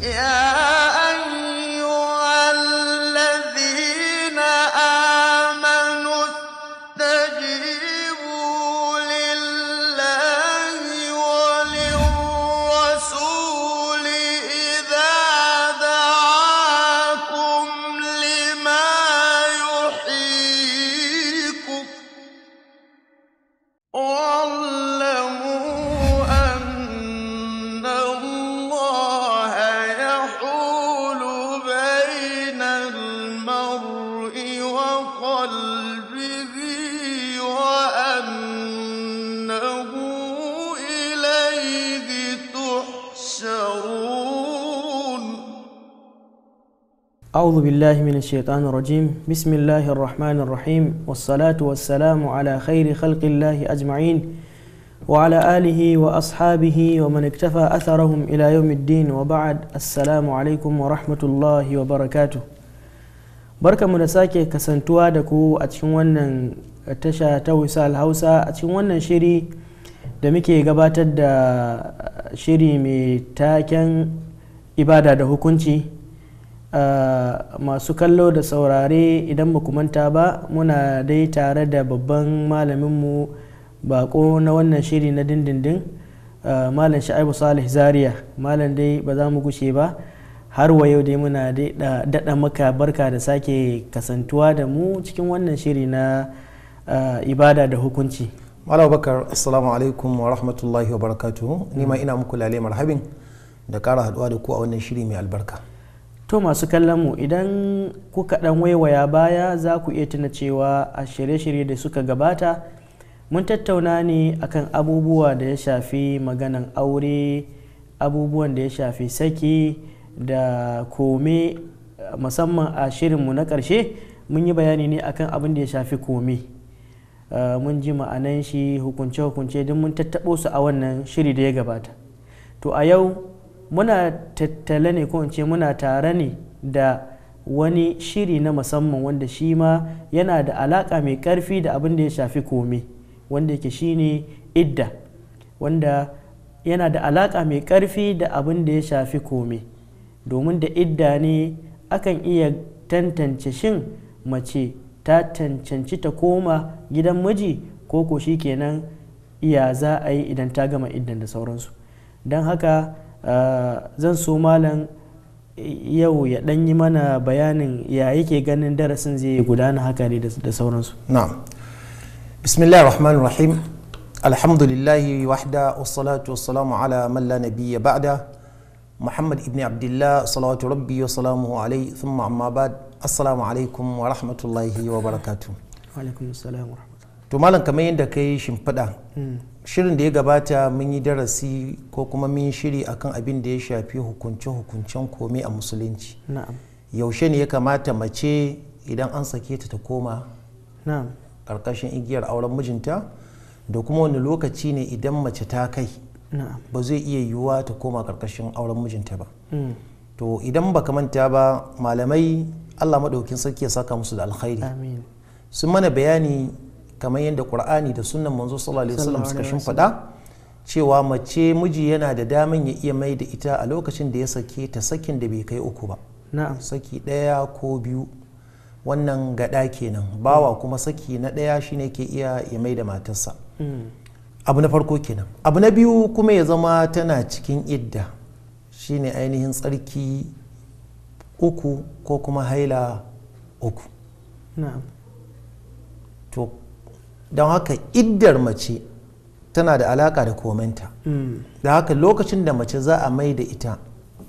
Yeah. أعوذ بالله من الشيطان الرجيم بسم الله الرحمن الرحيم والصلاة والسلام على خير خلق الله أجمعين وعلى آله وأصحابه ومن اكتفى أثرهم إلى يوم الدين وبعد السلام عليكم ورحمة الله وبركاته بركة منساكة كسنتوا دكو أتشوانا tasha ta wisal hausa a cikin wannan shiri da muke gabatar da shiri mai taken ibada da hukunci masu kallo da saurare idan ba manta ba muna dai tare da babban malaminmu bako na wannan shiri na dindindin malam sha'ibu salih zaria malam dai ba za mu gushe ba har wa yau dai muna daɗa maka barka da sake kasantuwa da mu cikin wannan shiri na ibada da hukunci malam bakar assalamu alaikum wa rahmatullahi wa barakatuhu nima mm. ina muku lale marhabin da kara haɗuwa da ku a wannan shiri mai albarka to masu kallon mu idan kuka dan waiwaya baya za ku iya tuna cewa a shirye-shirye da suka gabata mun tattauna ne akan abubuwa da ya shafi maganan aure abubuwan da ya shafi saki da kome musamman a mu na ƙarshe mun yi bayani ne akan abin da ya shafi kome eh, mun ji ma'anan shi hukunce-hukunce don mun tattaɓo su a wannan shiri da ya gabata to a yau muna tattale ne ko ce muna tare ne da wani shiri na musamman wanda shi ma yana da alaka mai ƙarfi da abin da ya shafi kome wanda yake shine idda wanda yana da alaka mai karfi da abin da ya shafi kome domin da idda ne akan iya tantance shin mace ta cancanci ta koma gidan miji ko ko kenan iya za a yi idan ta gama iddan da sauransu don haka Ah, zan so malam yau ya ɗan yi mana bayanin ya yake ganin darasin zai gudana haka ne da sauransu na'am bismillah rahman rahim alhamdulillahi wahda wassalatu wassalamu ala man la nabiyya ba'da muhammad ibn abdullah salawatu rabbi wa salamu alayhi thumma amma ba'd assalamu alaikum wa rahmatullahi wa barakatuh wa alaikum assalam wa rahmatullahi to malam kamar yadda kai shimfiɗa hmm. shirin da ya gabata mun yi darasi ko kuma mun yi shiri akan abin da ya shafi hukunce-hukuncen komai a musulunci yaushe ne ya kamata mace idan an sake ta ta koma ƙarƙashin igiyar auren mijinta da kuma wani lokaci ne idan mace ta kai ba zai iya yiwuwa ta koma ƙarƙashin auren mijinta ba mm. to idan baka manta ba malamai allah maɗaukin sarki ya saka musu da alkhairi sun mana bayani kamar yadda qur'ani da sunnan manzo sallallahu alaihi wasallam suka shimfiɗa cewa mace miji yana da daman ya iya mai da ita a lokacin da ya sake ta sakin da bai kai uku ba saki ɗaya ko biyu wannan gada kenan bawa mm. kuma saki na ɗaya shine ke iya ya mai da matarsa mm. abu na farko kenan abu na biyu kuma ya zama tana cikin idda shine ainihin tsarki uku ko kuma haila uku to don haka iddar mace tana da alaka da komenta mm. da haka lokacin da mace za a mai da ita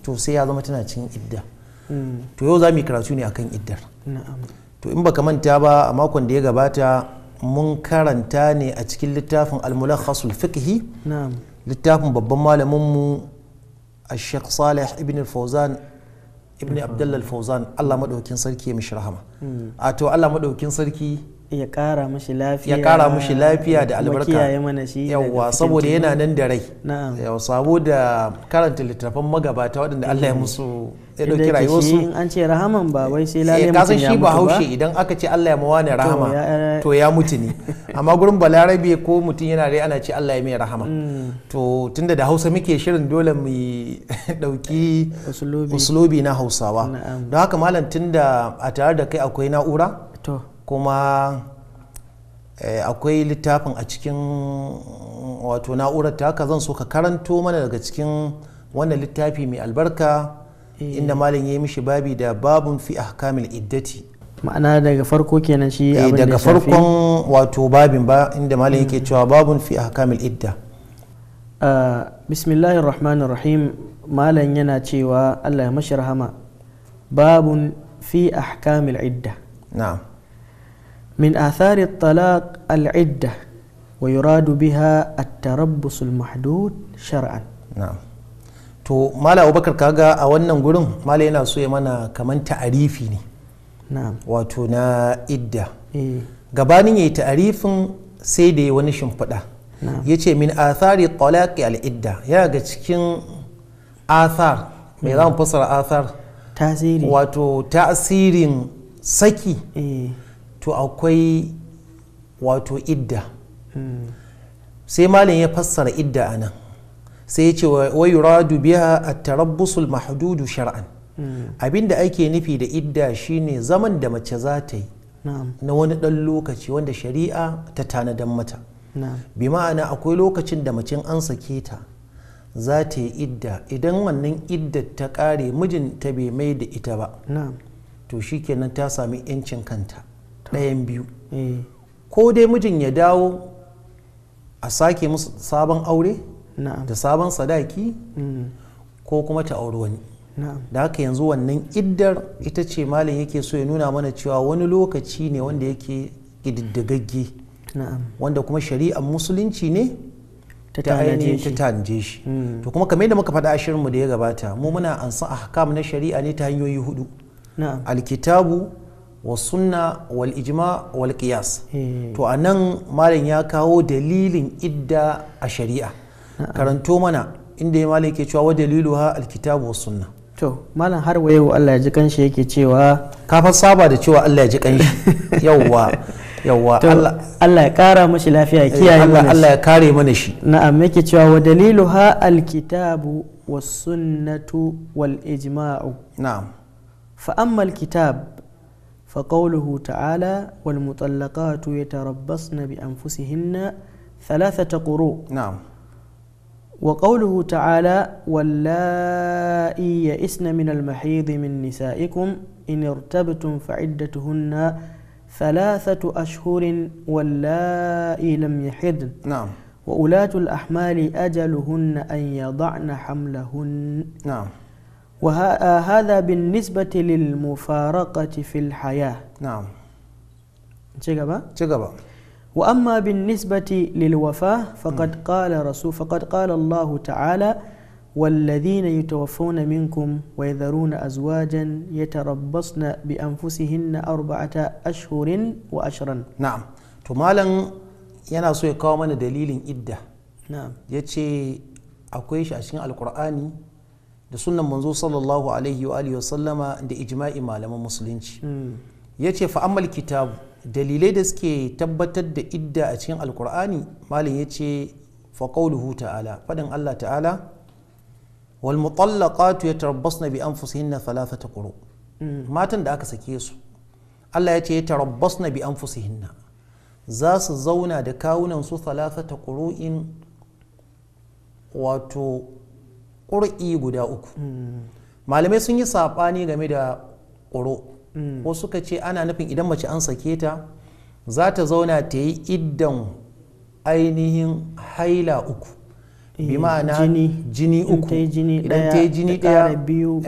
to sai ya zama tana cikin idda mm. to yau za mu yi karatu ne akan iddar to in baka manta ba a makon da ya gabata mun karanta ne a cikin littafin almulakhasul mulakhasul fiqhi littafin babban malaminmu a sheikh salih ibn fauzan ibn abdullah fauzan allah maɗaukin sarki ya mishi rahama mm. a to allah maɗaukin sarki ya kara mushi lafiya ya kara mushi lafiya da albarka kiyaye mana shi yawa saboda yana nan da rai yawa sabo da karanta littattafan magabata waɗanda Allah ya eh, musu ya dauki rayuwarsu an ce rahaman ba wai sai lalai eh, mutum ya shi ba haushe idan aka ce Allah ya mawa rahama to ya mutu ne amma gurin balarabe ko mutum yana rai ana ce Allah ya mai rahama mm. to tunda da Hausa muke shirin dole mu dauki usulobi na Hausawa don haka malam tunda a tare da kai akwai na'ura to kuma eh, akwai littafin a cikin wato na'urar ta haka zan so ka karanto mana daga cikin wannan littafi mai albarka eh. inda malam ya yi mishi babi da babun fi kamil iddati ma'ana daga farko kenan shi eh, abin da daga farkon wato babin ba inda malam yake hmm. cewa babun fi kamil idda ah, bismillahir rahmanir rahim malam yana cewa Allah ya mashi rahama babun fi ahkamil idda na'am من آثار الطلاق العدة ويراد بها التربص المحدود شرعا نعم to mala abubakar kaga a wannan gurin mala yana so ya mana kaman ta'arifi ne na'am wato na idda eh. gabanin yayi ta'arifin sai da wani shimfiɗa ya ce min athari talaqi al'idda idda ya ga cikin athar mai zamu fassara athar tasiri wato tasirin saki eh. to akwai wato idda sai malam ya fassara idda a nan sai ya ce wa yuradu biya a tarabbusul mahdudu shar'an abinda ake nufi da idda shine zaman da mace za ta yi na wani ɗan lokaci wanda shari'a ta tanadan mata bi ma'ana akwai lokacin da macin an sake ta za ta yi idda idan wannan idda ta ƙare mijinta bai mai da ita ba to shikenan ta sami 'yancin kanta ɗayan biyu ko dai mijin ya dawo a sake musu sabon aure da sabon sadaki mm. ko kuma ta auri wani da haka yanzu wannan iddar ita ce malin yake so ya nuna mana cewa wani lokaci ne wanda yake ƙididdigagge wanda kuma shari'ar musulunci ne ta ainihin ta tanje shi mm. to kuma kamar yadda muka faɗa mu da ya gabata mu muna ansa ahkam na shari'a ne ta hanyoyi hudu alkitabu wasunna wal ijima wal qiyas eh. to a nan malin ya kawo dalilin idda a shari'a karanto mana inda malin ke cewa wa dalilu ha alkitabu wa sunna to malam har wa yau Allah ya ji kanshi yake cewa kafa saba da cewa Allah ya ji kanshi yawwa yawwa Allah ya kara mashi lafiya ya eh, kiyaye mana Allah ya kare mana shi na'am yake cewa wa dalilu ha alkitabu wa sunnatu wal ijma'u na'am fa amma alkitab فقوله تعالى والمطلقات يتربصن بأنفسهن ثلاثة قروء نعم وقوله تعالى واللائي يئسن من المحيض من نسائكم إن ارتبتم فعدتهن ثلاثة أشهر واللائي لم يحضن نعم وأولات الأحمال أجلهن أن يضعن حملهن نعم وهذا آه، بالنسبة للمفارقة في الحياة نعم تجابا تجابا وأما بالنسبة للوفاة فقد م. قال رسول فقد قال الله تعالى والذين يتوفون منكم ويذرون أزواجا يتربصن بأنفسهن أربعة أشهر وأشرا نعم تمالا ينا so ya دليل إدة نعم يتشي ya ce akwai da sunnan manzo sallallahu alaihi wa alihi sallama da ijma'i malaman musulunci ya ce fa'amal kitabu dalilai da suke tabbatar da idda a cikin alkur'ani malin ya ce faƙauluhu ta'ala faɗin allah ta'ala wal mutallaqatu yatarabbasna bi anfusihinna thalathata quru matan da aka sake su allah ya ce yatarabbasna bi anfusihinna za su zauna da kawunan su thalathata quru'in wato ƙur'i guda uku mm. malamai sun yi saɓani game da ƙuro ko mm. suka ce ana nufin idan mace an sake ta za ta zauna ta yi iddan ainihin haila uku bi eh, ma'ana jini uku idan ta yi jini ɗaya biyu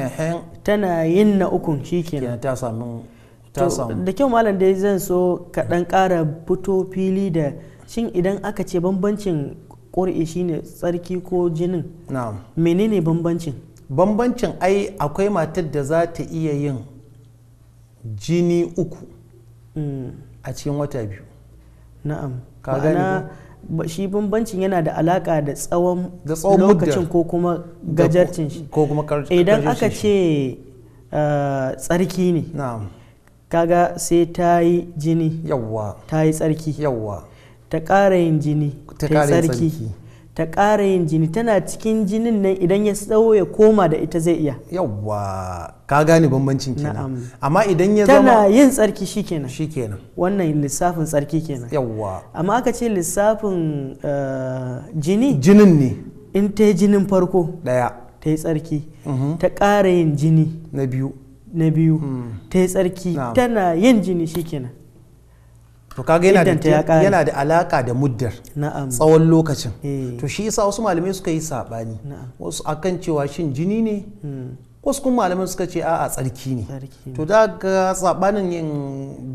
tana yin na ukun shi kenan ta samu da kyau malam dai zan so kaɗan ƙara fito fili da shin idan aka ce bambancin ƙuri'i shine tsarki ko jinin menene bambancin bambancin ai akwai matar da za ta iya yin jini uku mm. a cikin wata biyu na'am ka gani shi bambancin yana da alaka da tsawon lokacin ko kuma gajarcin shi ko kuma idan aka ce eh, tsarki ne kaga sai ta yi jini yawwa ta yi tsarki yawwa ta ƙara yin jini ta tsarki ta ƙara yin jini tana cikin jinin nan idan ya tsawo ya koma da ita zai iya yawwa ka gane bambancin kenan amma idan ya zama tana yin tsarki shikenan shikenan wannan lissafin tsarki kenan yawwa amma aka ce lissafin eh, jini jinin ne in ta yi jinin farko daya ta yi tsarki mm-hmm. ta ƙara yin jini na biyu na biyu mm. ta yi tsarki tana yin jini shikenan to kaga yana da yana da alaka da muddar tsawon lokacin eh. to shi yasa wasu malamai suka yi sabani wasu akan cewa shin jini ne hmm. wasu kuma malamai suka ce a'a tsarki ne to da ga sabanin yin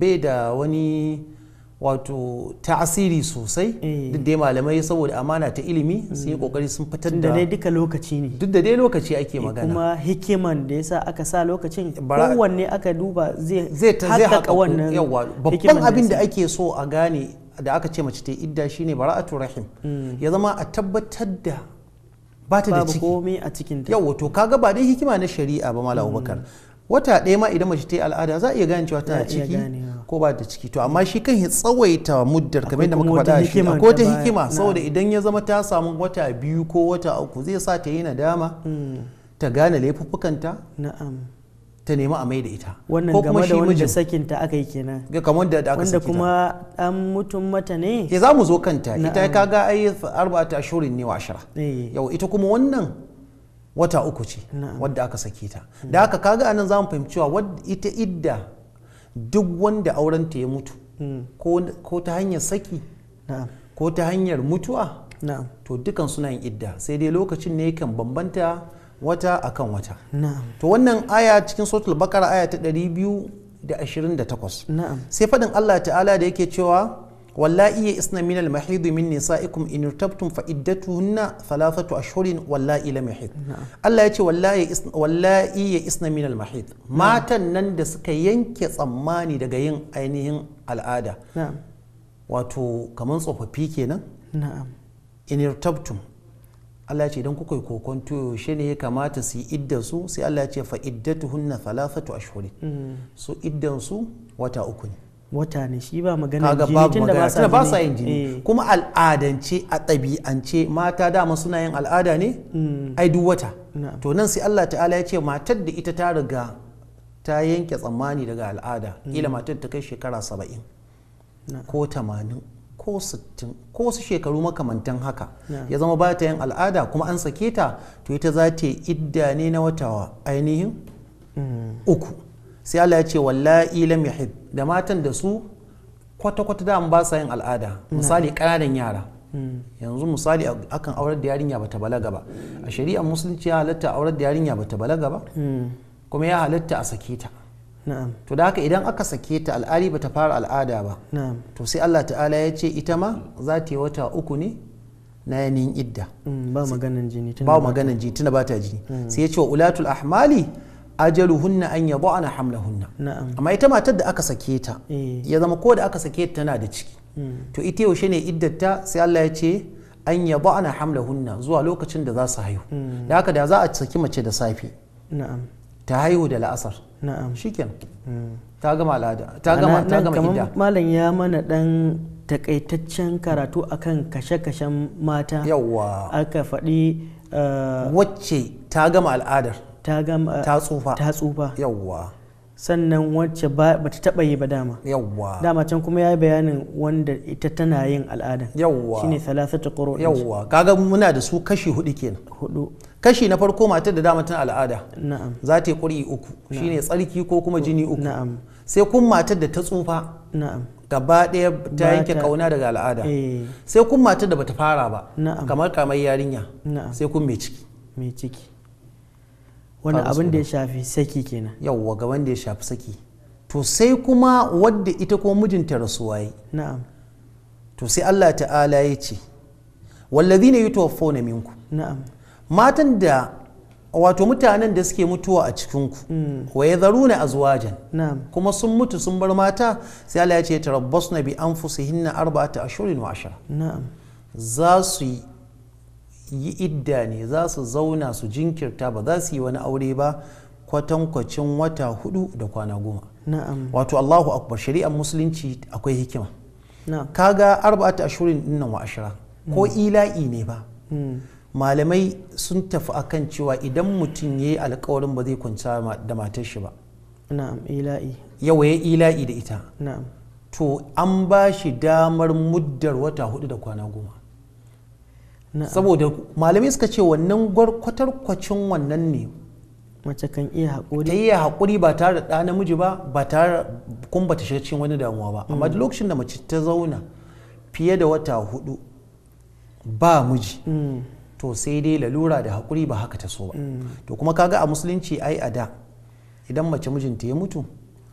bai da wani wato tasiri sosai eh. duk da malamai saboda amana ta ilimi mm. sun yi kokari sun fitar da dai duka lokaci ne duk da dai lokaci ake eh, magana kuma hikiman da yasa aka sa lokacin kowanne aka duba zai haka wannan babban abin da ake so a gane da aka ce mace ta idda shine bara'atu rahim mm. ya zama a tabbatar da ba ta da ciki babu komai a cikin ta yawa to kaga ba dai hikima na shari'a ba malam mm. Abubakar wata ɗaya ma idan mace ta yi al'ada za a iya gane cewa tana ciki ko ba ta ciki to amma shi kan tsawaita muddar kamar yadda muka faɗa shi ko ta hikima saboda idan ya zama ta samu wata biyu ko wata uku zai sa ta yi nadama hmm. ta gane laifuffukanta ta nemi a mai da ita wannan kuma da mijin sakin ta aka yi kenan ga kamar da aka saki kuma an mutum mata ne ya eh, za mu zo kanta ita kaga ai ta shurin ne wa ashara eh. yau ita kuma wannan wata uku ce wadda aka sake ta da haka kaga anan za mu fahimci cewa ita idda duk wanda aurenta ya mutu mm. ko ta hanyar saki ko ta hanyar mutuwa to dukan suna yin idda sai dai lokacin ne kan bambanta wata akan wata to wannan aya cikin sautul bakara aya ta 228 sai faɗin allah ta'ala da yake cewa wallahi ya isna min al mahid min nisaikum in irtabtum fa iddatuhunna thalathatu ashhurin wallahi lam yahid Allah ya ce wallahi ya isna min al matan nan da suka yanke tsammani daga yin ainihin al'ada wato kamar tsofaffi kenan na'am in Allah ce idan kuka yi kokonto yaushe ne ya kamata su yi iddan su sai Allah ce fa iddatuhunna thalathatu ashhurin su iddan su wata uku ne wata ne shi ba maganar jini da ba sa ba sa yin jini eh. kuma al'adance a ɗabi'ance mata dama suna yin al'ada ne mm. ai duk wata to nan sai Allah ta'ala ya ce matar da ita ta riga ta yanke tsammani daga al'ada mm. ila matar ta kai shekara saba'in ko tamanin ko sittin ko su shekaru makamantan haka ya zama ba ta yin al'ada kuma an sake ta to ita za ta idda ne na wata ainihin mm. uku sai Allah ya ce wallahi lam yahid da matan da su kwata-kwata da ba sa yin al'ada mm. misali ƙananan yara mm. yanzu misali akan aurar da yarinya bata balaga ba a shari'a musulunci ya halatta aurar da yarinya bata balaga ba mm. kuma ya halatta a sake ta to da haka idan aka sake ta al'ali bata fara al'ada ba to sai Allah ta'ala ya ce ita ma za ta yi wata uku ne na yanayin idda ba maganan jini tuna ba ta jini sai ya ce wa ulatul ahmali ajaluhunna an ana hamlahunna amma ita matar da aka sake ta eh. ya zama ko da aka sake ta tana da ciki hmm. to ita yaushe ne iddata sai Allah ya ce an ana hamlahunna zuwa lokacin da za su haihu hmm. da haka da za a saki mace da safe ta haihu da la'asar shikenan hmm. ta gama al'ada ta gama ta gama idda malam ya mana dan takaitaccen karatu akan kashe-kashen mata yawwa aka faɗi eh, wacce ta gama al'adar ta gama ta tsufa ta tsufa yawwa sannan wacce ba ta taba yi ba dama yawwa dama can kuma yayi bayanin wanda ita tana yin al'adan yawwa shine thalathatu qurun yawwa kaga muna da su kashi hudu kenan hudu kashi na farko matar da dama tana al'ada na'am za ta yi ƙuri uku shine tsarki ko kuma jini uku na'am sai kun matar da ta tsufa na'am gaba ɗaya ta yanke kauna daga al'ada eh. sai kun matar da bata fara ba kamar kamar yarinya sai kun mai ciki mai ciki wani abin da ya shafi saki kenan yawwa ga wanda ya shafi saki to sai kuma wadda ita ko mijinta rasuwa yi na'am to sai Allah ta'ala ya ce wallazina na minku na'am matan da wato mutanen da suke mutuwa a cikinku mm. wa ya zaru na azwajan kuma sun mutu sun bar mata sai Allah ya ce tarabbasna na bi an arba'ata ashurin wa ashara za su yi yi idda ne za su zauna su jinkirta ba za su yi wani aure ba kwatankwacin wata hudu da kwana goma wato allahu akbar shari'ar musulunci akwai hikima kaga arba'ata ashirin dinnan wa ashira ko mm. ila'i ne ba mm. malamai sun tafi akan cewa idan mutum ya yi alkawarin ba zai kwanta da matar shi ba na'am ila'i ya ila'i da ita to an ba shi damar muddar wata hudu da kwana goma saboda malamai suka ce wannan kwacin wannan ne mace kan iya haƙuri ta iya haƙuri ba tare da ɗa namiji ba ba tare kun ba ta shiga wani damuwa ba amma duk mm. lokacin da mace ta zauna fiye da wata hudu ba miji mm. to sai dai lalura da haƙuri ba haka ta so ba mm. to kuma kaga a musulunci ai a da idan mace mijinta ya mutu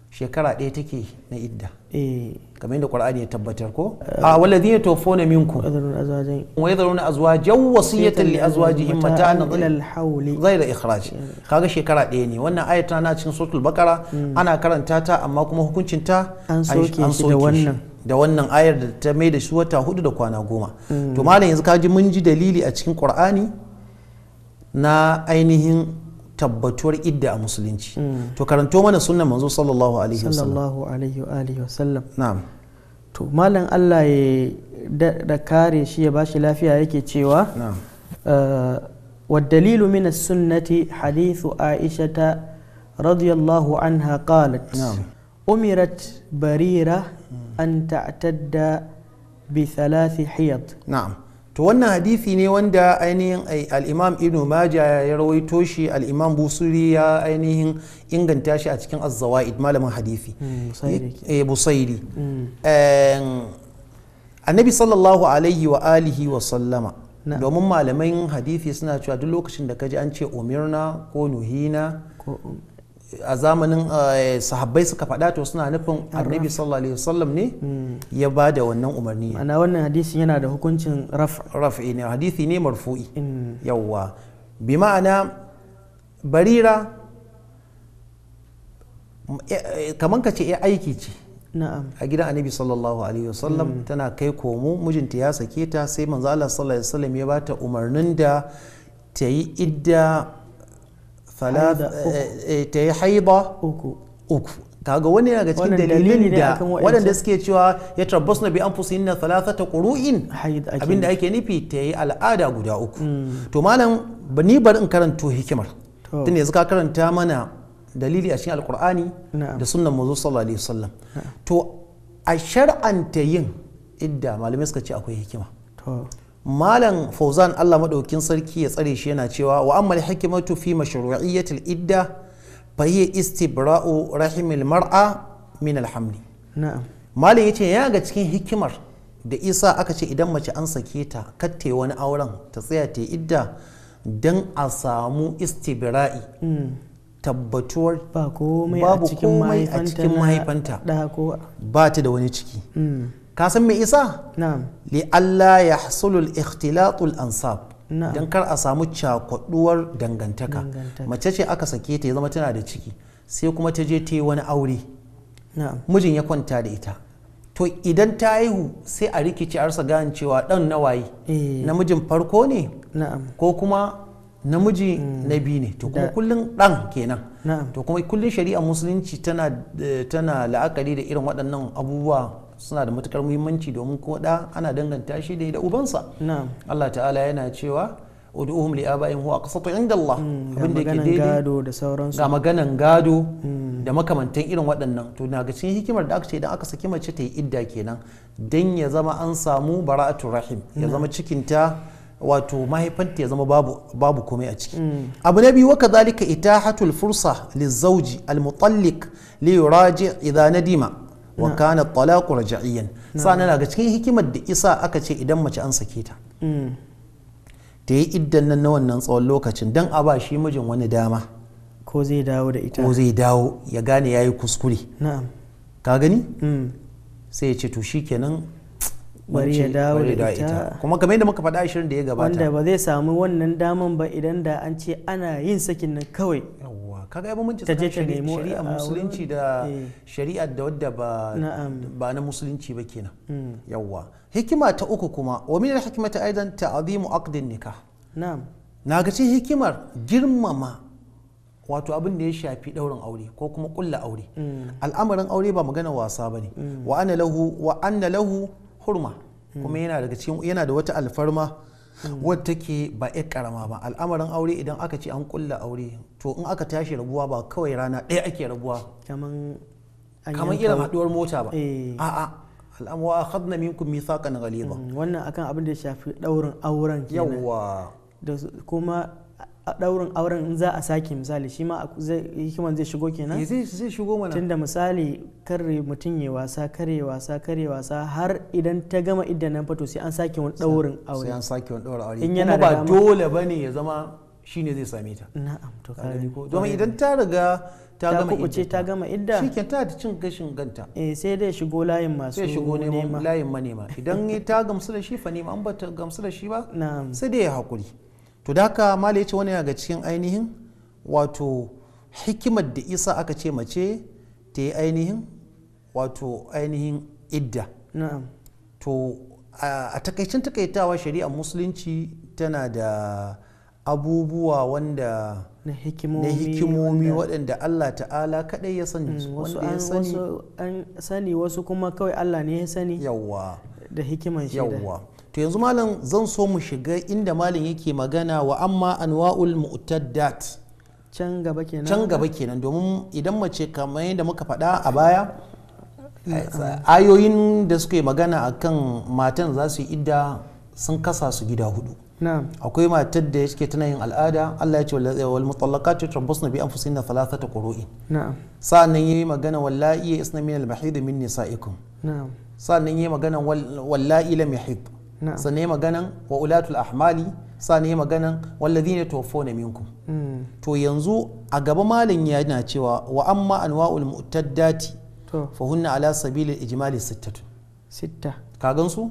shekara ɗaya take na idda Eh. kamar yadda qur'ani ya tabbatar ko a walladhina tawaffawna minkum wa yadhuruna azwajan wasiyatan li azwajihim mata'an ila al-hawli ghayra ikhraj eh. kaga shekara ɗaya ne wannan ayat tana cikin suratul baqara hmm. ana karanta ta amma kuma hukuncin ta an soke shi da wannan da wannan ayar da ta mai da shi wata hudu da kwana goma hmm. to malam yanzu kaji mun ji dalili a cikin qur'ani na ainihin tabbatuwar idda a musulunci to karanto mana sunnan manzo sallallahu alaihi wasallam sallallahu alaihi wa alihi wasallam na'am to malam Allah ya da kare shi ya bashi lafiya yake cewa na'am والدليل من السنة حديث عائشة رضي الله عنها قالت نعم. أمرت بريرة أن تعتد بثلاث حيض نعم to wannan hadisi ne wanda ainihin al'imam ibn maja ya rawaito shi al'imam busuri ya ainihin inganta shi a cikin azzawa'id malamin hadisi hmm, busairi eh, hmm. annabi sallallahu alaihi wa alihi wa sallama domin malaman hadisi suna cewa duk lokacin da ka ji an ce umirna ko nuhina um, a zamanin eh, sahabbai suka faɗa to suna nufin annabi sallallahu alaihi wasallam ne hmm. ya ba da wannan umarni ana wannan hadisi yana da hukuncin raf'i ne hadisi ne marfu'i hmm. yawwa bi ma'ana barira eh, eh, kaman ka ce ya aiki ce a gidan annabi sallallahu alaihi wasallam hmm. tana kai komo mijinta ya sake ta sai manzo Allah sallallahu alaihi wasallam ya ta umarnin da ta yi idda Eh, eh, eh, ta yi haida uku kaga wani yana ga cikin dalilin da waɗanda suke cewa ya tabbas na bi an fusi na ta ƙuru'in abinda ake nufi ta yi al'ada guda uku hmm. to malam ni bari in karanto hikimar tun yanzu ka karanta mana dalili a cikin alkur'ani da sunnan mazo sallallahu alaihi wasallam to a shar'anta yin idda malamai suka ce akwai hikima malam fauzan allah maɗaukin sarki ya tsare shi yana cewa wa amma hikimatu fi mashru'iyyatil idda fa hiya istibra'u rahimil mar'a min alhamli na'am malam yace ya ga cikin hikimar da isa aka ce idan mace an sake ta katte wani auren ta tsaya ta idda dan a samu istibra'i hmm. tabbatuwar babu komai a cikin mahaifanta ba ta da wani ciki hmm. ka san me isa na'am li allah yahsulu al-ikhtilatu ansab dan kar a samu cakwaduwar dangantaka mace ce aka sake ta ya zama tana da ciki sai kuma ta je ta yi wani aure mijin ya kwanta da ita to idan ta haihu sai a rikici arsa gane cewa dan nawaye eh. namijin farko ne ko kuma namiji mm. na biyu ne to kuma kullum dan kenan to kuma kullum shari'a musulunci eh, tana la'akari da irin waɗannan abubuwa suna da matukar muhimmanci domin ko da ana danganta shi da ubansa Allah ta'ala yana cewa ud'uhum li aba'in huwa aqsatu inda Allah hmm, abin da yake daidai gado da sauransu ga maganan gado hmm. da makamantan irin waɗannan to na ga cikin hikimar da aka ce idan aka saki mace ta yi idda kenan dan ya zama an samu bara'atu rahim ya zama hmm. cikinta wato mahaifanta ya zama babu babu komai a ciki abu na biyu wakadhalika itahatul fursa lizawji almutalliq li yuraji idha nadima wa kana talaqu raj'iyyan sanan ga cikin hikimar da isa aka ce idan mace an sake ta mm. ta yi iddan nan na wannan tsawon lokacin dan a ba shi mijin wani dama ko zai dawo da ita ko zai dawo ya gane yayi kuskure na'am ka gani mm. sai ya ce to shikenan bari ya dawo da ita kuma kamar yadda muka faɗa shirin da ya gabata wanda ba zai samu wannan daman ba idan da an ce ana yin sakin nan kawai kaga ya bambanci tsakanin shari'ar eh, musulunci da eh. shari'ar da wadda ba na musulunci ba kenan hmm. yawwa hikima ta uku kuma wa min al-hikmati aidan ta'zimu aqdin nikah na'am na ga cikin hikimar girmama wato abin da ya shafi daurin aure ko kuma kulla aure hmm. al'amarin aure ba magana wasa bane hmm. wa anna lahu wa anna lahu hurma kuma yana daga cikin yana da wata alfarma wadda take ba ya karama ba al'amarin aure idan aka ce an kulla aure to in aka tashi rabuwa ba kawai rana ɗaya ake rabuwa kamar irin haɗuwar mota ba eh. a'a al'amuwa akhadna minkum mithaqan ghaliza mm, wannan akan abin da ya shafi daurin auren kenan yawa da kuma a daurin auren in za a sake misali shi ma hikiman zai shigo kenan eh, zai shigo mana tunda misali kare mutum ya wasa kare wasa kare wasa har idan ta gama idan nan fato sai an sake wani daurin aure sai an sake wani daurin aure in yana ba dole bane ya zama shine zai same ta na'am to kare domin idan ta riga ta gama idda ta gama idda shi ta ta cin gashin ganta eh sai dai shigo layin masu sai shigo ne layin manema idan ta gamsu da shi fa nema an ba ta gamsu da shi ba sai dai ya hakuri to da haka mala ya ce wani daga cikin ainihin wato hikimar da isa aka ce mace ta yi ainihin wato ainihin idda to a takaicin takaitawa shari'a musulunci tana da abubuwa wanda na hikimomi waɗanda Allah ta'ala kaɗai ya mm, sani wasu an sani wasu kuma kawai Allah ne ya sani yawwa da hikimar shi to yanzu malam zan so mu shiga inda malam yake magana wa amma anwa'ul mu'taddat can gaba kenan can gaba kenan domin idan mace kamar yadda muka faɗa a baya ayoyin da suka magana a kan matan za su yi idda sun kasa su gida hudu akwai matar da yake tana yin al'ada Allah ya ce wal mutallaqat yatarabbasna bi anfusihinna thalathata qurui sa'annan yayi magana wallahi isna min al mahid min nisaikum sa'annan yayi magana wallahi lam yahid sannan maganan wa ulatul ahmali sannan maganan tofo na minku to yanzu a gaba malin yana cewa wa amma anwa'ul mu'taddati fa hunna ala sabilil ijmali sittatu sitta ka gansu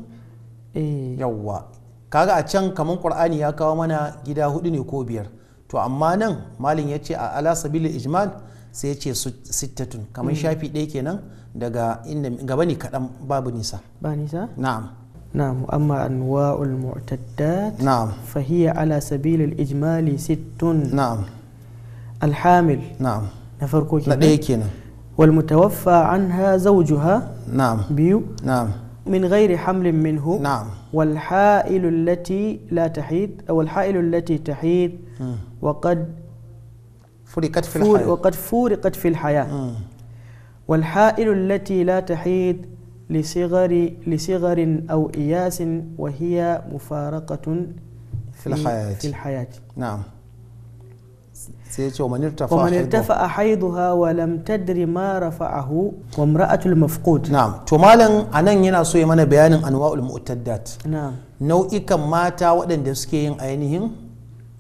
eh yawwa kaga a can kaman qur'ani ya kawo mana gida hudu ne ko biyar to amma nan malin ya ce a ala sabilil ijmal sai ya ce sittatun kamar hmm. shafi ɗaya kenan daga inda gaba ne kaɗan babu nisa ba nisa na'am نعم وأما أنواع المعتدات نعم فهي على سبيل الإجمال ست نعم الحامل نعم نفرقو إيه كينا والمتوفى عنها زوجها نعم بيو نعم من غير حمل منه نعم والحائل التي لا تحيد أو الحائل التي تحيد وقد فرقت في الحياة وقد فورقت في الحياة والحائل التي لا تحيد لصغر لصغر أو إياس وهي مفارقة في الحياة في الحياة نعم ومن ارتفع, ومن ارتفع حيضها حيضها ولم تدر ما رفعه وامرأة المفقود نعم تمالا أنا هنا سوي من بيان أنواع المؤتدات نعم نوعي كم ماتا ودن دسكين أينهم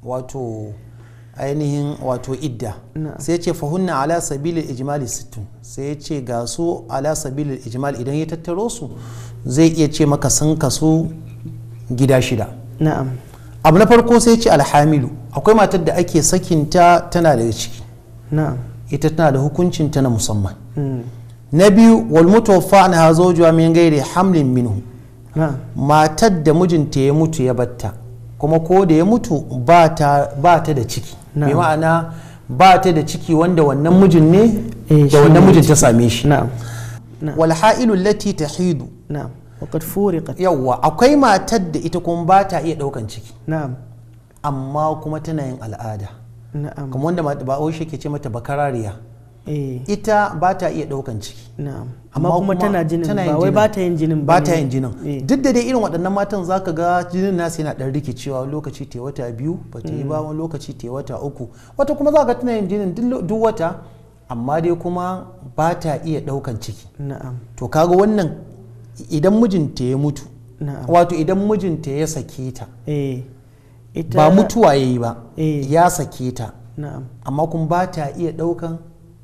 واتو ainihin wato idda sai ce fahunna ala sabilil ijmali sittin sai ce ga su ala sabilil ijimali idan ya tattaro su zai iya ce maka sun kasu gida shida abu na farko sai ce alhamilu akwai matar da ake sakinta tana daga ciki ita tana da hukuncin ta na musamman mm. na biyu wal mutawaffa an hazo juwa min gairi hamlin minhu matar da mijinta ya mutu ya batta kuma ko da ya mutu ba ta da ciki bi ma'ana ba ta da ciki wanda wannan mijin ne eh, da wannan mijin ta same shi wal ha'ilu lati tahidu na'am yawa akwai matar da ita kuma ba ta iya daukan ciki amma kuma tana yin al'ada na'am kuma wanda ba wai ke ce mata bakarariya Eh. ita ba ta iya ɗaukan ciki amma kuma tana jinin ba wai ba ta yin jinin ba ta yin jinin eh. duk da dai irin waɗannan matan zaka ga jinin nasu yana ɗan rikicewa lokaci te wata biyu ba ta yi ba mm. wani lokaci te wata uku wata kuma zaka tana yin jinin duk wata amma dai kuma ba ta iya ɗaukan ciki to kaga wannan idan mijinta ya mutu wato idan mijinta ya sake ta eh. ba mutuwa ya yi ba ya sake ta amma kuma ba ta iya ɗaukan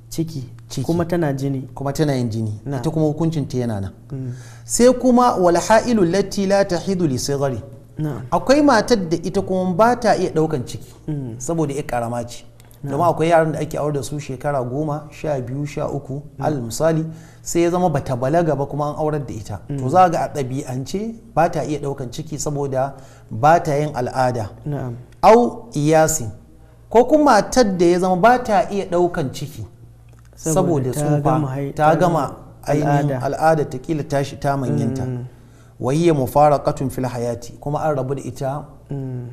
ciki kuma tana jini kuma tana yin jini ita kuma hukuncin ta yana nan mm. sai kuma walha’ilu lati la tahidu li sigari akwai matar da ita kuma ba ta iya daukan ciki mm. saboda ya karama ce domin akwai yaran da ake aure da su shekara goma sha biyu sha uku mm. al misali sai ya zama bata balaga ba kuma an aurar da ita to za ga a ɗabi'ance ba ta iya ɗaukan ciki saboda ba ta yin al'ada au iyasin ko kuma matar da ya zama ba ta iya ɗaukan ciki saboda tsufa ta gama ainihin al'ada ta kila tashi ta manyanta fara mm. mufaraqatun fil hayati kuma an rabu da ita mm.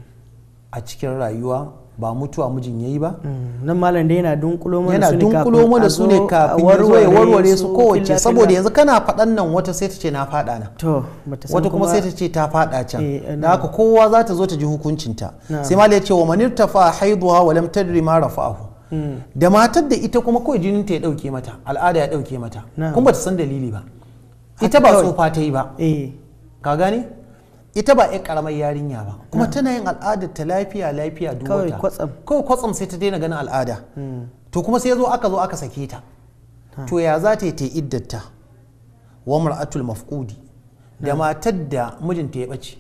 a cikin rayuwa ba mutuwa mijin yayi ba mm. nan malam da yana dunkulo mana su ne yana dunkulo mana su ne kafin warware warware su kowace saboda yanzu kana faɗan nan wata sai ta ce na faɗa na to wata kuma sai ta ce ta faɗa can eh, eh, da haka kowa za ta zo ta ji hukuncinta sai malam ya ce wa manirta fa haiduha wa lam tadri ma rafa'ahu Hmm. da matar da ita kuma kawai jinin ta ya dauke mata al'ada ya dauke mata kuma ta san dalili ba ita ba tsofa ta yi ba eh. ka gani ita ba ya karamar yarinya ba kuma tana yin al'adar ta lafiya lafiya duwata kawai kwatsam kawai kwatsam sai ta daina ganin al'ada hmm. to kuma sai zo aka zo aka sake ta to ya za ta yi ta iddata wa mar'atul mafqudi da matar da mijinta ya bace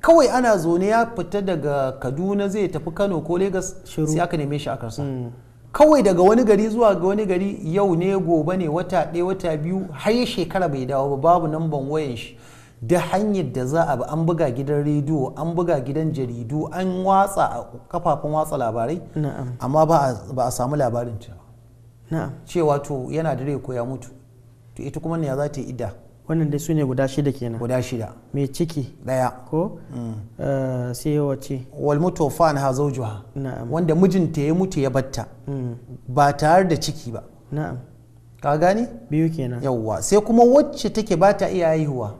kawai ana zone ya fita daga kaduna zai tafi kano ko lagos sai aka neme shi a karsa mm. kawai daga wani gari zuwa ga wani gari yau ne gobe ne wata ɗaya wata biyu har shekara bai dawo ba babu namban wayan shi da hanyar da za a bi an buga gidan rediyo an buga gidan jaridu an watsa a kafafen watsa labarai amma ba a samu labarin cewa to yana da rai ko ya mutu to ita kuma ne ya za ta yi ida wannan dai su ne guda shida kenan guda shida mai ciki daya ko mm. eh, sai wace wal mutofa ha zawjuha na'am wanda mijinta ya mutu ya batta mm. ba tare da ciki ba na'am ka gani biyu kenan yawwa sai kuma wacce take ba ta iya haihuwa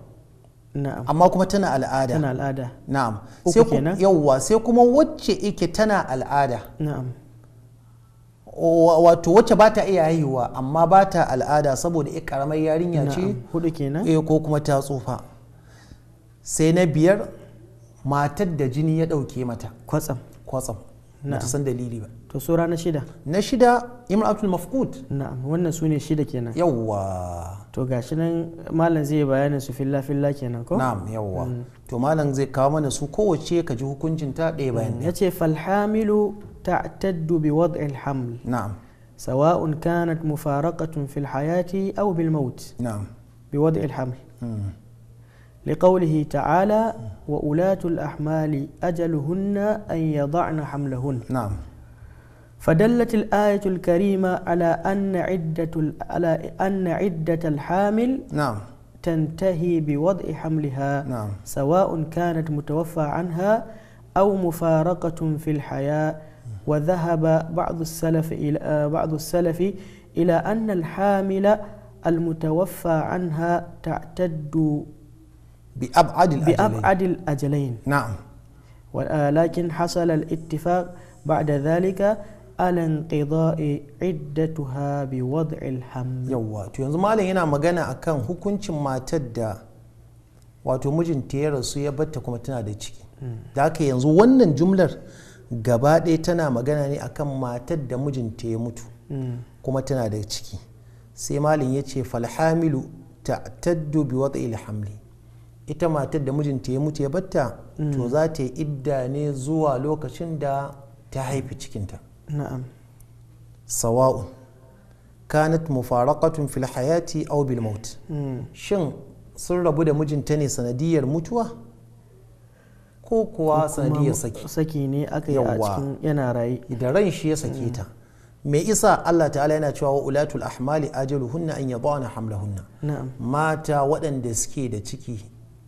na'am amma kuma tana al'ada tana al'ada na'am sai yawwa sai kuma wacce ike tana al'ada na'am wato wacce ba ta iya haihuwa amma ba ta al'ada saboda ya karamar yarinya ce hudu kenan eh, ko kuma ta tsufa sai na biyar matar da jini ya dauke mata kwatsam kwatsam na ta san dalili ba to sura na shida na shida abdul mafqud na'am wannan su ne shida kenan yawwa to gashi nan malam zai bayanin su filla filla kenan ko na'am yawwa mm. to malam zai kawo mana su kowace ka ji hukuncin ta ɗaya bayan mm. ya ce falhamilu تعتد بوضع الحمل نعم سواء كانت مفارقة في الحياة أو بالموت نعم بوضع الحمل مم. لقوله تعالى وأولاة الأحمال أجلهن أن يضعن حملهن نعم فدلت الآية الكريمة على أن عدة على أن عدة الحامل نعم تنتهي بوضع حملها نعم سواء كانت متوفى عنها أو مفارقة في الحياة وذهب بعض السلف إلى آه، بعض السلف إلى أن الحامل المتوفى عنها تعتد بأبعد الأجلين, بأبعد الأجلين. نعم ولكن آه، حصل الاتفاق بعد ذلك على انقضاء عدتها بوضع الحمل يوا تو yanzu مالا هنا magana akan hukuncin matar da wato mijinta ya rasu ya تنادي تشكي tana da ciki da gaba ɗaya tana magana ne akan matar da mijinta ya mutu mm. kuma tana da ciki sai malin ya ce falhamilu ta taddu bi wata ilhamli ita matar da mijinta ya mutu ya batta mm. to za ta yi idda ne zuwa lokacin da ta haifi cikinta na'am sawa'un kanat mufaraqatun fil hayati aw bil mm. shin sun rabu da mijinta ne sanadiyar mutuwa ko kuwa ya saki saki ne aka yi a cikin yana da ran shi ya sake mm. ta me isa Allah ta'ala yana cewa wa ulatul ahmali ajaluhunna an yadana hamlahunna mata waɗanda suke da ciki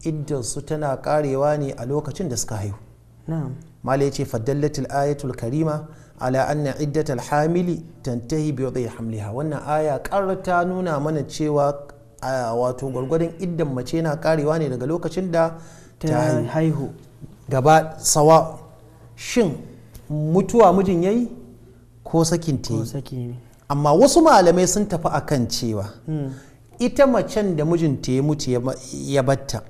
iddan su tana karewa ne a lokacin da suka haihu mala ya ce ayatul karima ala anna iddatal hamili tantahi bi wadai hamliha wannan aya kar ta nuna mana cewa wato gwargwadon iddan mace na karewa ne daga lokacin da ta haihu gaba sawa shin mutuwa mijin yayi ko sakin ta yi amma wasu malamai sun tafi akan cewa hmm. ita macen da mijinta ya mutu ya batta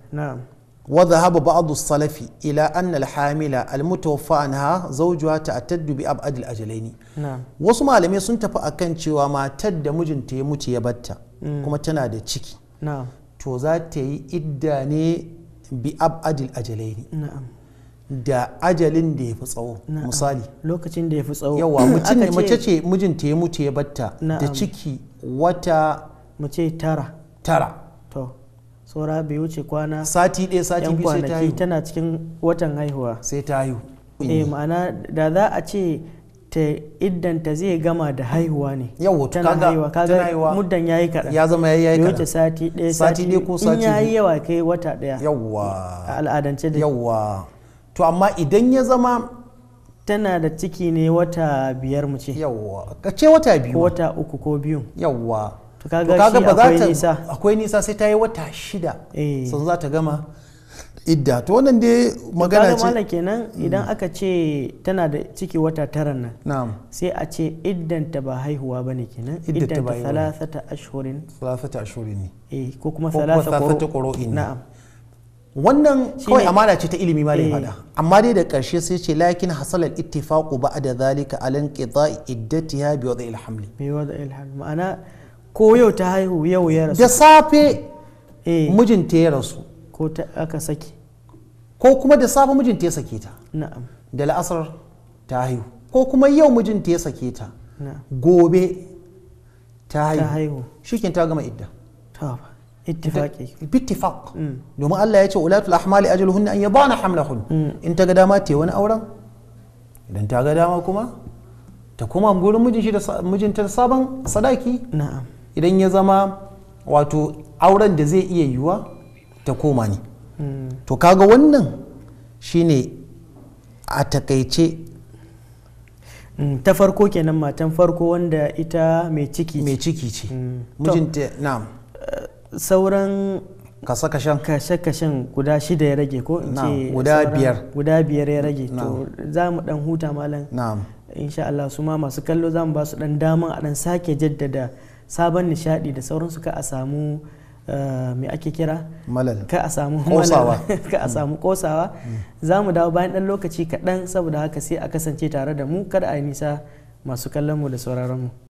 وذهب بعض السلف إلى أن الحاملة المتوفى عنها زوجها تعتد بأبعد a Jalaini. wasu malamai sun tafi akan cewa matar da mijinta ya mutu ya batta kuma tana da ciki to za ta yi idda ne bi abadil a Jalaini. da ajalin da ya fi tsawo misali lokacin da ya fi tsawo yawa mutum ne mace ce mijinta ya mutu ya batta da ciki wata mace tara tara to saura bai wuce kwana sati ɗaya sati biyu sai ta haihu tana cikin watan haihuwa sai ta haihu eh, eh ma'ana da za a ce ta iddanta zai gama da haihuwa ne yawa tana haihuwa kaga muddan yayi kada ya zama yayi kada kaɗan sati ɗaya sati ɗaya ko sati in yayi yawa kai wata ɗaya yawa al'adance da yawa to amma idan ya zama tana da ciki ne wata biyar mu ce yawwa ka ce wata biyu wata uku ko biyu yawwa to kaga shi akwai nisa akwai nisa sai ta yi wata shida eh. sun za ta gama idda to wannan dai magana ce kaga kenan mm. idan aka ce tana da ciki wata tara nan na'am sai a ce iddanta ba haihuwa bane kenan iddanta salasata ashhurin salasata ashhurin ne eh ko kuma salasa qur'in na'am wannan kawai amana ce ta ilimi ma fada eh. amma dai da karshe sai ce lakin hasalal ittifaqu ba'da zalika alan qida'i iddatiha bi wada'il hamli bi wada'il hamli ma'ana ko yau ta haihu yau ya rasu da safe eh. mijinta ya rasu ko ta aka saki ko kuma da safe mijinta ya sake ta na'am da la'asar ta haihu ko kuma yau mijinta ya sake ta gobe ta haihu shikin ta gama idda ta ittifaqi bittifaq mm. domin Allah ya ce ulatul ahmali ajaluhunna an yadana hamlahun mm. in ta ga dama ta wani auren idan ta ga dama kuma ta kuma gurin mijin shi da mijinta da sabon sadaki na'am idan ya zama wato auren da zai iya yiwuwa ta koma ne mm. to kaga wannan shine a takaice ta farko kenan matan farko wanda ita mai ciki mai ciki ce mijinta na'am sauran kashe-kashen kashe-kashen guda shida ya rage ko in ce guda biyar guda biyar ya rage to za mu dan huta malam insha Allah su ma masu kallo za mu ba su dan dama a dan sake jaddada sabon nishadi da sauransu ka a samu eh, me ake kira malal ka a samu kosawa ka a samu mm. kosawa mm. za mu dawo bayan dan lokaci kaɗan saboda haka sai a kasance tare da mu kada a yi nisa masu kallon mu da sauraron mu